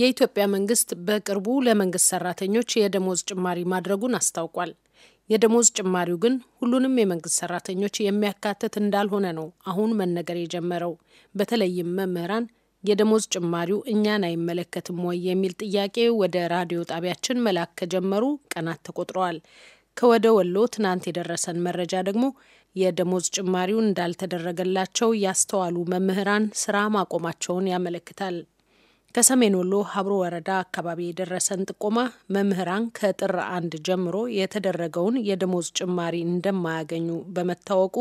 የኢትዮጵያ መንግስት በቅርቡ ለመንግስት ሰራተኞች የደሞዝ ጭማሪ ማድረጉን አስታውቋል። የደሞዝ ጭማሪው ግን ሁሉንም የመንግስት ሰራተኞች የሚያካትት እንዳልሆነ ነው አሁን መነገር የጀመረው። በተለይም መምህራን የደሞዝ ጭማሪው እኛን አይመለከትም ወይ የሚል ጥያቄ ወደ ራዲዮ ጣቢያችን መላክ ከጀመሩ ቀናት ተቆጥረዋል። ከወደ ወሎ ትናንት የደረሰን መረጃ ደግሞ የደሞዝ ጭማሪው እንዳልተደረገላቸው ያስተዋሉ መምህራን ስራ ማቆማቸውን ያመለክታል። ከሰሜን ወሎ ሀብሮ ወረዳ አካባቢ የደረሰን ጥቆማ መምህራን ከጥር አንድ ጀምሮ የተደረገውን የደሞዝ ጭማሪ እንደማያገኙ በመታወቁ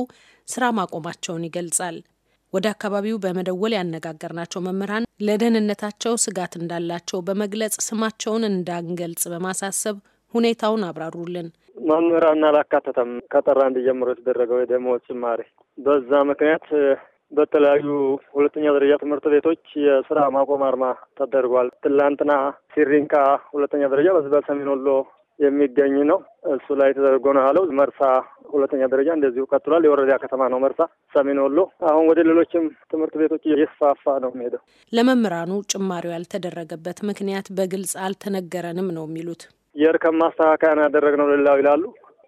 ስራ ማቆማቸውን ይገልጻል። ወደ አካባቢው በመደወል ያነጋገርናቸው መምህራን ለደህንነታቸው ስጋት እንዳላቸው በመግለጽ ስማቸውን እንዳንገልጽ በማሳሰብ ሁኔታውን አብራሩልን። መምህራን አላካተተም። ከጥር አንድ ጀምሮ የተደረገው የደሞዝ ጭማሪ በዛ ምክንያት በተለያዩ ሁለተኛ ደረጃ ትምህርት ቤቶች የስራ ማቆም አርማ ተደርጓል። ትላንትና ሲሪንቃ ሁለተኛ ደረጃ በሰሜን ወሎ የሚገኝ ነው። እሱ ላይ ተደርጎ ነው ያለው። መርሳ ሁለተኛ ደረጃ እንደዚሁ ቀጥሏል። የወረዳ ከተማ ነው መርሳ፣ ሰሜን ወሎ። አሁን ወደ ሌሎችም ትምህርት ቤቶች እየስፋፋ ነው የሚሄደው። ለመምህራኑ ጭማሪው ያልተደረገበት ምክንያት በግልጽ አልተነገረንም ነው የሚሉት። የእርከን ማስተካከያ ነው ያደረግነው ሌላው ይላሉ።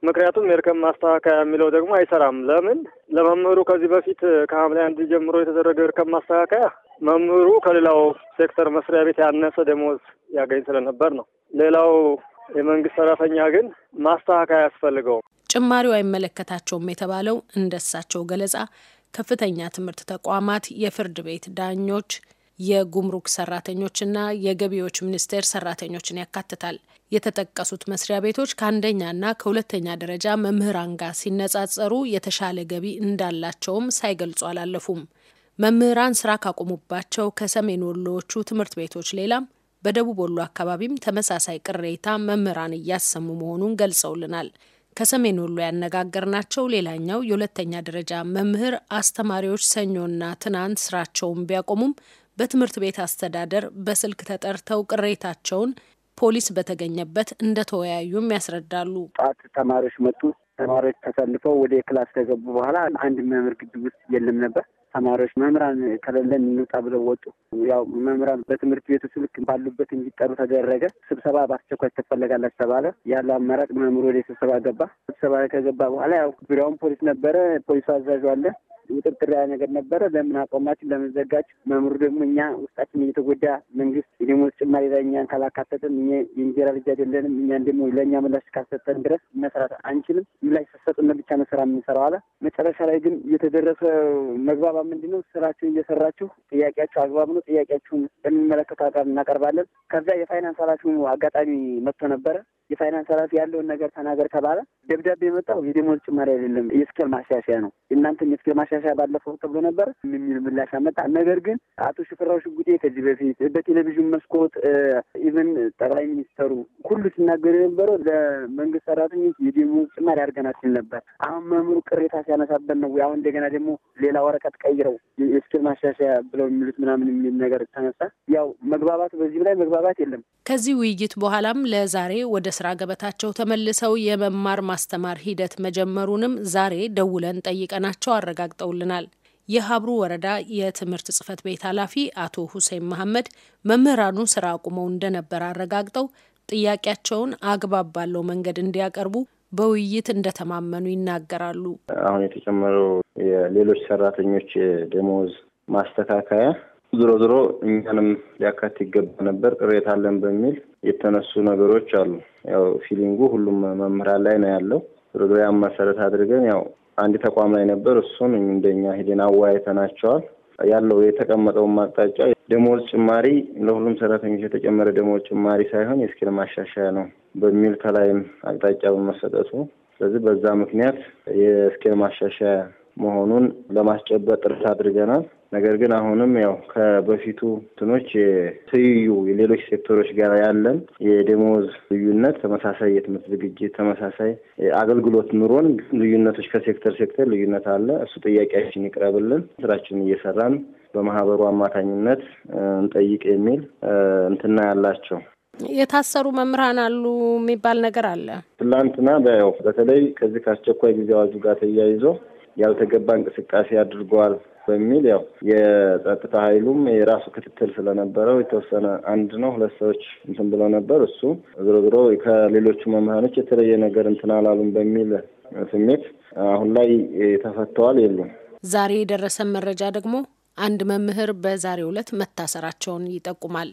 ምክንያቱም የእርከን ማስተካከያ የሚለው ደግሞ አይሰራም። ለምን ለመምህሩ ከዚህ በፊት ከሐምሌ አንድ ጀምሮ የተደረገው የእርከን ማስተካከያ መምህሩ ከሌላው ሴክተር መስሪያ ቤት ያነሰ ደሞዝ ያገኝ ስለነበር ነው። ሌላው የመንግስት ሰራተኛ ግን ማስተካከያ ያስፈልገውም። ጭማሪው አይመለከታቸውም የተባለው እንደሳቸው ገለጻ ከፍተኛ ትምህርት ተቋማት፣ የፍርድ ቤት ዳኞች የጉምሩክ ሰራተኞችና የገቢዎች ሚኒስቴር ሰራተኞችን ያካትታል። የተጠቀሱት መስሪያ ቤቶች ከአንደኛና ከሁለተኛ ደረጃ መምህራን ጋር ሲነጻጸሩ የተሻለ ገቢ እንዳላቸውም ሳይገልጹ አላለፉም። መምህራን ስራ ካቆሙባቸው ከሰሜን ወሎዎቹ ትምህርት ቤቶች ሌላም በደቡብ ወሎ አካባቢም ተመሳሳይ ቅሬታ መምህራን እያሰሙ መሆኑን ገልጸውልናል። ከሰሜን ወሎ ያነጋገርናቸው ሌላኛው የሁለተኛ ደረጃ መምህር አስተማሪዎች ሰኞና ትናንት ስራቸውን ቢያቆሙም በትምህርት ቤት አስተዳደር በስልክ ተጠርተው ቅሬታቸውን ፖሊስ በተገኘበት እንደተወያዩም ያስረዳሉ። ጠዋት ተማሪዎች መጡ። ተማሪዎች ተሰልፈው ወደ ክላስ ከገቡ በኋላ አንድ መምህር ግቢ ውስጥ የለም ነበር። ተማሪዎች መምህራን ከሌለን እንውጣ ብለው ወጡ። ያው መምህራን በትምህርት ቤቱ ስልክ ባሉበት እንዲጠሩ ተደረገ። ስብሰባ በአስቸኳይ ትፈለጋለች ተባለ። ያለ አማራጭ መምህሩ ወደ ስብሰባ ገባ። ስብሰባ ከገባ በኋላ ያው ዙሪያውን ፖሊስ ነበረ። ፖሊሱ አዛዥ አለ። ውጥርጥር ያለ ነገር ነበረ። ለምን አቋማችን ለምን መምሩ ደግሞ እኛ ውስጣችን እየተጎዳ መንግስት የደሞዝ ጭማሪ ላይ እኛን ካላካተተን እ የእንጀራ ልጅ አይደለንም። እኛን ደግሞ ለእኛ ምላሽ ካልሰጠን ድረስ መስራት አንችልም። ምላሽ ስትሰጡን ብቻ ነው ስራ የምንሰራው አለ። መጨረሻ ላይ ግን የተደረሰ መግባባ ምንድን ነው? ስራችሁን እየሰራችሁ ጥያቄያችሁ አግባብ ነው። ጥያቄያችሁን በሚመለከተው አካል እናቀርባለን። ከዚያ የፋይናንስ ኃላፊው አጋጣሚ መጥቶ ነበረ የፋይናንስ ኃላፊ ያለውን ነገር ተናገር ተባለ። ደብዳቤ የመጣው የደሞዝ ጭማሪ አይደለም፣ የስኬል ማሻሻያ ነው። እናንተም የስኬል ማሻሻያ ባለፈው ተብሎ ነበር የሚል ምላሽ አመጣ። ነገር ግን አቶ ሽፈራው ሽጉጤ ከዚህ በፊት በቴሌቪዥን መስኮት ኢቨን ጠቅላይ ሚኒስተሩ ሁሉ ሲናገሩ የነበረው ለመንግስት ሰራተኞች የደሞዝ ጭማሪ አድርገናል ሲል ነበር። አሁን መምሩ ቅሬታ ሲያነሳበት ነው። አሁን እንደገና ደግሞ ሌላ ወረቀት ቀይረው የስኬል ማሻሻያ ብለው የሚሉት ምናምን የሚል ነገር ተነሳ። ያው መግባባት በዚህም ላይ መግባባት የለም። ከዚህ ውይይት በኋላም ለዛሬ ወደ ስራ ገበታቸው ተመልሰው የመማር ማስተማር ሂደት መጀመሩንም ዛሬ ደውለን ጠይቀናቸው አረጋግጠውልናል። የሀብሩ ወረዳ የትምህርት ጽህፈት ቤት ኃላፊ አቶ ሁሴን መሐመድ መምህራኑ ስራ አቁመው እንደነበር አረጋግጠው ጥያቄያቸውን አግባብ ባለው መንገድ እንዲያቀርቡ በውይይት እንደተማመኑ ይናገራሉ። አሁን የተጨመረው የሌሎች ሰራተኞች ደሞዝ ማስተካከያ ዞሮ ዞሮ እኛንም ሊያካት ይገባ ነበር ቅሬታ አለን በሚል የተነሱ ነገሮች አሉ። ያው ፊሊንጉ ሁሉም መምህራን ላይ ነው ያለው። ዞሮ ዞሮ ያን መሰረት አድርገን ያው አንድ ተቋም ላይ ነበር። እሱን እንደኛ ሄደን አወያይተናቸዋል። ያለው የተቀመጠውን ማቅጣጫ ደሞዝ ጭማሪ ለሁሉም ሰራተኞች የተጨመረ ደሞዝ ጭማሪ ሳይሆን የስኪል ማሻሻያ ነው በሚል ከላይም አቅጣጫ በመሰጠቱ ስለዚህ በዛ ምክንያት የስኬል ማሻሻያ መሆኑን ለማስጨበጥ ጥረት አድርገናል። ነገር ግን አሁንም ያው ከበፊቱ ትኖች ትይዩ የሌሎች ሴክተሮች ጋር ያለን የደሞዝ ልዩነት ተመሳሳይ የትምህርት ዝግጅት ተመሳሳይ አገልግሎት ኑሮን ልዩነቶች ከሴክተር ሴክተር ልዩነት አለ። እሱ ጥያቄያችን ይቅረብልን፣ ስራችን እየሰራን በማህበሩ አማካኝነት እንጠይቅ የሚል እንትና ያላቸው የታሰሩ መምህራን አሉ የሚባል ነገር አለ። ትላንትና በው በተለይ ከዚህ ከአስቸኳይ ጊዜ አዋጁ ጋር ተያይዞ ያልተገባ እንቅስቃሴ አድርገዋል በሚል ያው የጸጥታ ኃይሉም የራሱ ክትትል ስለነበረው የተወሰነ አንድ ነው ሁለት ሰዎች እንትን ብለው ነበር። እሱ ዝሮ ዝሮ ከሌሎቹ መምህራኖች የተለየ ነገር እንትን አላሉም በሚል ስሜት አሁን ላይ ተፈተዋል የሉም። ዛሬ የደረሰን መረጃ ደግሞ አንድ መምህር በዛሬው ዕለት መታሰራቸውን ይጠቁማል።